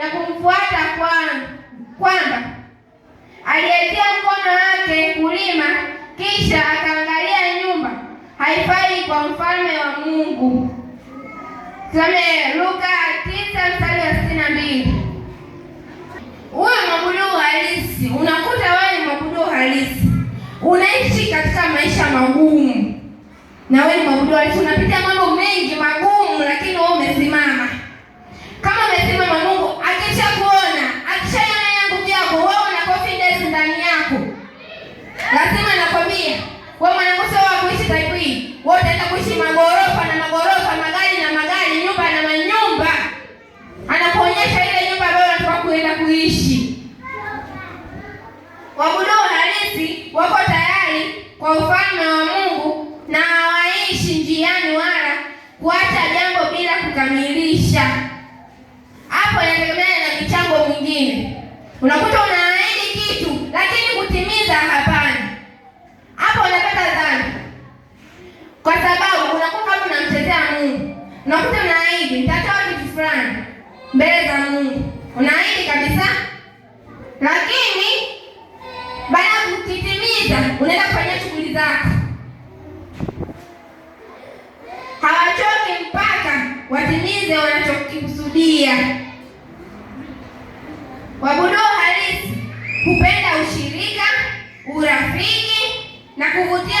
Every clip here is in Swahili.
ya kumfuata kwangu, kwamba aliyetia mkono wake kulima kisha akaangalia nyumba haifai kwa mfalme wa Mungu. Tusome Luka 9 mstari wa sitini na mbili. mwabudu halisi, unakuta wewe mwabudu halisi unaishi katika maisha magumu, na wewe mwabudu halisi unapitia mambo mengi magumu, lakini wewe umesimama kwa sababu unakuwa kama unamtetea Mungu. Unakuta unaahidi nitatoa kitu fulani mbele za Mungu, unaahidi kabisa, lakini baada ya kukitimiza unaenda kufanya shughuli zako. Hawachoki mpaka watimize wanachokikusudia. Wabudu halisi hupenda ushirika, urafiki na kuvutia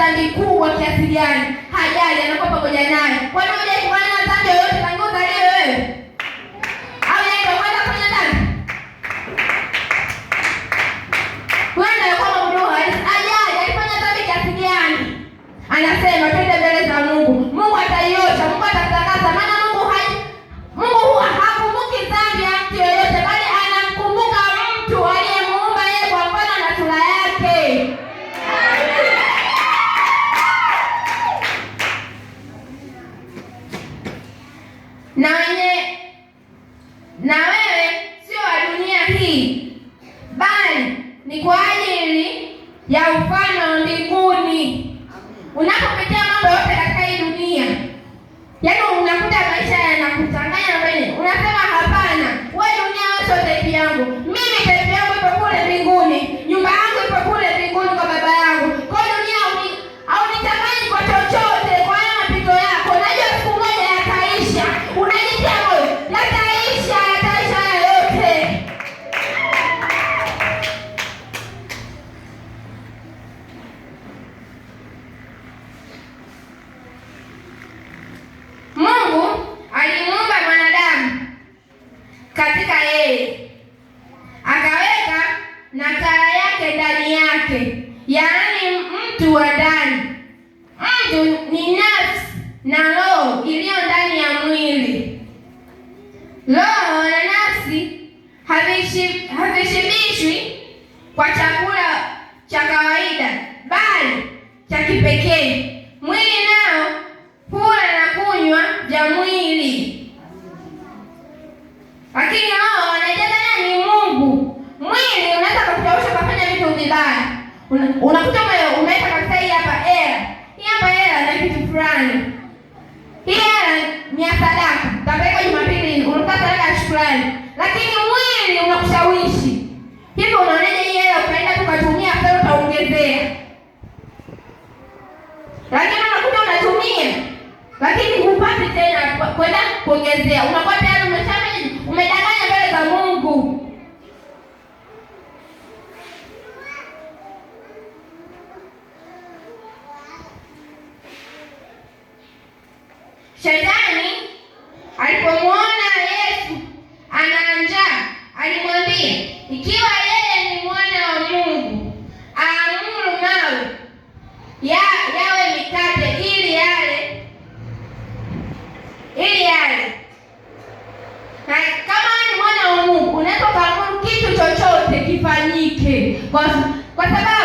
dhambi kubwa kiasi gani, hajali, anakuwa pamoja naye. Kwa nini? na wewe sio wa dunia hii, bali ni kwa ajili ya ufalme wa mbinguni. Unapopitia mambo yote katika hii dunia yaani yeye, akaweka nakala yake ndani yake, yaani mtu wa ndani. Mtu ni nafsi na roho iliyo ndani ya mwili. Roho na nafsi havishibishwi kwa chakula cha kawaida, bali cha kipekee. Lakini unakuta unatumia, lakini hupati tena kwenda kuongezea. Unakuwa tayari umeshafanya umedanganya mbele za Mungu. Shetani com, as,